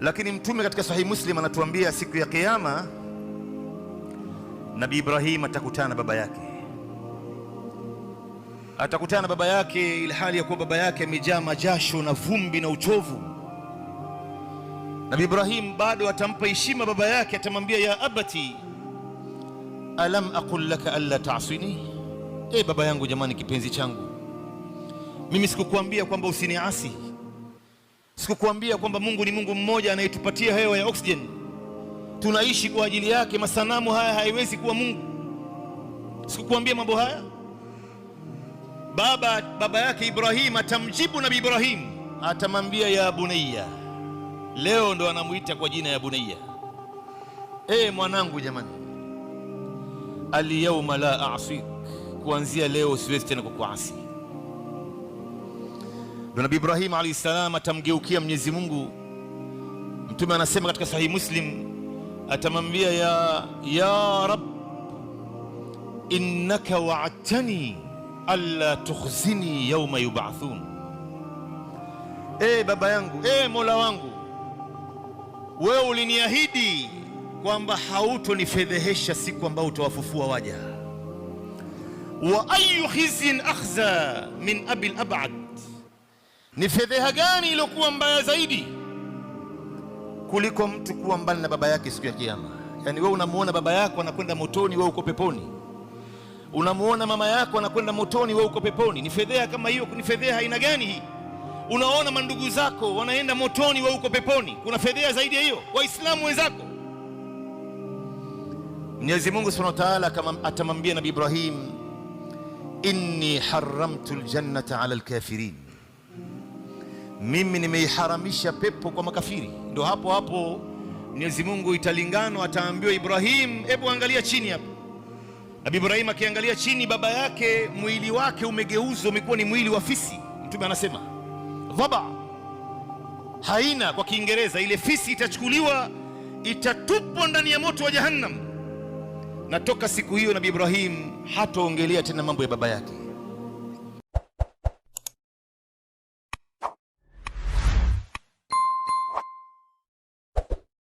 Lakini mtume katika Sahihi Muslim anatuambia siku ya Kiyama Nabii Ibrahim atakutana baba yake, atakutana baba yake ilhali ya kuwa baba yake amejaa majasho na vumbi na uchovu. Nabii Ibrahim bado atampa heshima baba yake, atamwambia ya abati alam aqul laka alla tasini e baba yangu, jamani, kipenzi changu, mimi sikukuambia kwamba usiniasi? Sikukuambia kwamba Mungu ni Mungu mmoja anayetupatia hewa ya oxygen, tunaishi kwa ajili yake. Masanamu haya haiwezi kuwa Mungu. Sikukuambia mambo haya? Baba baba yake Ibrahim atamjibu Nabii Ibrahim, atamwambia ya bunayya. Leo ndo anamuita kwa jina ya bunayya, e mwanangu. Jamani, alyauma la asik, kuanzia leo siwezi tena kukuasi ndo Nabii Ibrahim alayhi salam atamgeukia Mwenyezi Mungu. Mtume anasema katika Sahihi Muslim, atamwambia ya, ya rab innaka wa'adtani alla tukhzini yauma yub'athun, e baba yangu, e mola wangu, wewe uliniahidi kwamba hautonifedhehesha siku ambayo utawafufua waja. wa ayu khizin akhza min abil ab'ad ni fedheha gani iliyokuwa mbaya zaidi kuliko mtu kuwa mbali na baba yake siku ya Kiyama? Yaani wewe unamuona baba yako anakwenda motoni, wewe uko peponi. Unamuona mama yako anakwenda motoni, wewe uko peponi. Ni fedheha kama hiyo? Ni fedheha aina gani hii? Unaona mandugu zako wanaenda motoni, wewe uko peponi. Kuna fedheha zaidi ya hiyo? Waislamu wenzako, Mwenyezi Mungu Subhanahu wa Ta'ala kama atamwambia Nabii Ibrahim, inni haramtu ljannata ala lkafirin mimi nimeiharamisha pepo kwa makafiri. Ndo hapo hapo Mwenyezi Mungu italingano, ataambiwa Ibrahim, hebu angalia chini hapo. Nabii Ibrahim akiangalia chini, baba yake mwili wake umegeuzwa, umekuwa ni mwili wa fisi. Mtume anasema dhaba haina kwa Kiingereza, ile fisi itachukuliwa itatupwa ndani ya moto wa Jahannam. Na toka siku hiyo Nabii Ibrahim hataongelea tena mambo ya baba yake.